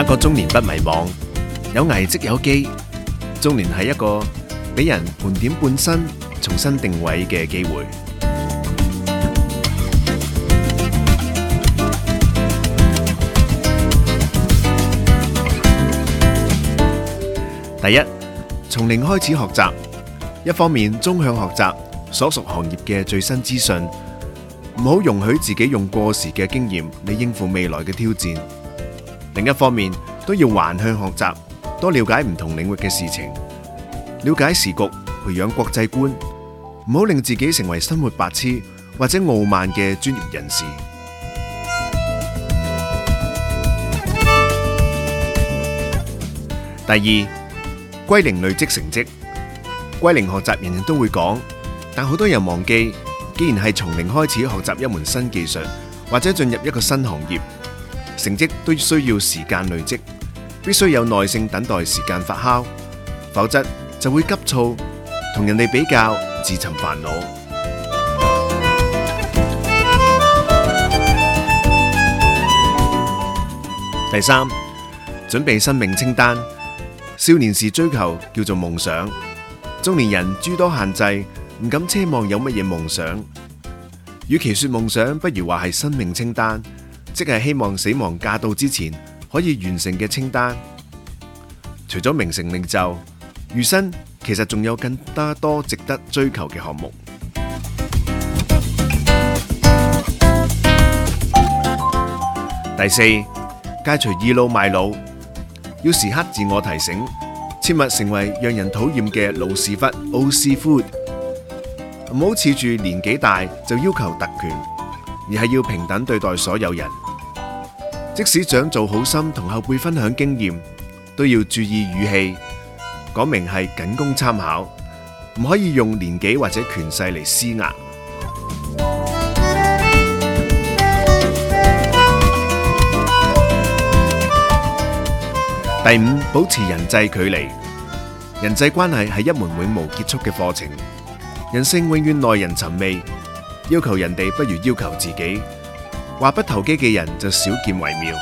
一個中年不迷茫，有危即有機。中年係一個俾人盤點半生，重新定位嘅機會。第一，從零開始學習，一方面縱向學習所屬行業嘅最新資訊，唔好容許自己用過時嘅經驗嚟應付未來嘅挑戰。另一方面，都要橫向學習，多了解唔同領域嘅事情，了解時局，培養國際觀，唔好令自己成為生活白痴或者傲慢嘅專業人士。第二，歸零累積成績。歸零學習人人都會講，但好多人忘記，既然係從零開始學習一門新技術，或者進入一個新行業。成績都需要時間累積，必須有耐性等待時間發酵，否則就會急躁，同人哋比較，自尋煩惱。第三，準備生命清單。少年時追求叫做夢想，中年人諸多限制，唔敢奢望有乜嘢夢想。與其說夢想，不如話係生命清單。即係希望死亡駕到之前可以完成嘅清單。除咗名成利就，餘生其實仲有更加多值得追求嘅項目。第四，戒除倚老賣老，要時刻自我提醒，切勿成為讓人討厭嘅老屎忽、Old Seafood。唔好恃住年紀大就要求特權。而係要平等對待所有人，即使想做好心同後輩分享經驗，都要注意語氣講明係僅供參考，唔可以用年紀或者權勢嚟施壓。第五，保持人際距離，人際關係係一門永無結束嘅課程，人性永遠耐人尋味。要求人哋不如要求自己，話不投機嘅人就少見為妙。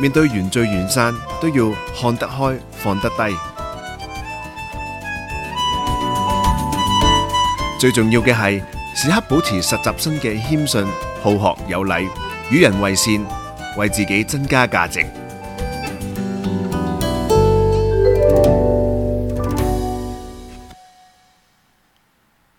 面對緣聚緣散都要看得開放得低。最重要嘅係，時刻保持實習生嘅謙遜、好學有禮、有禮、與人為善，為自己增加價值。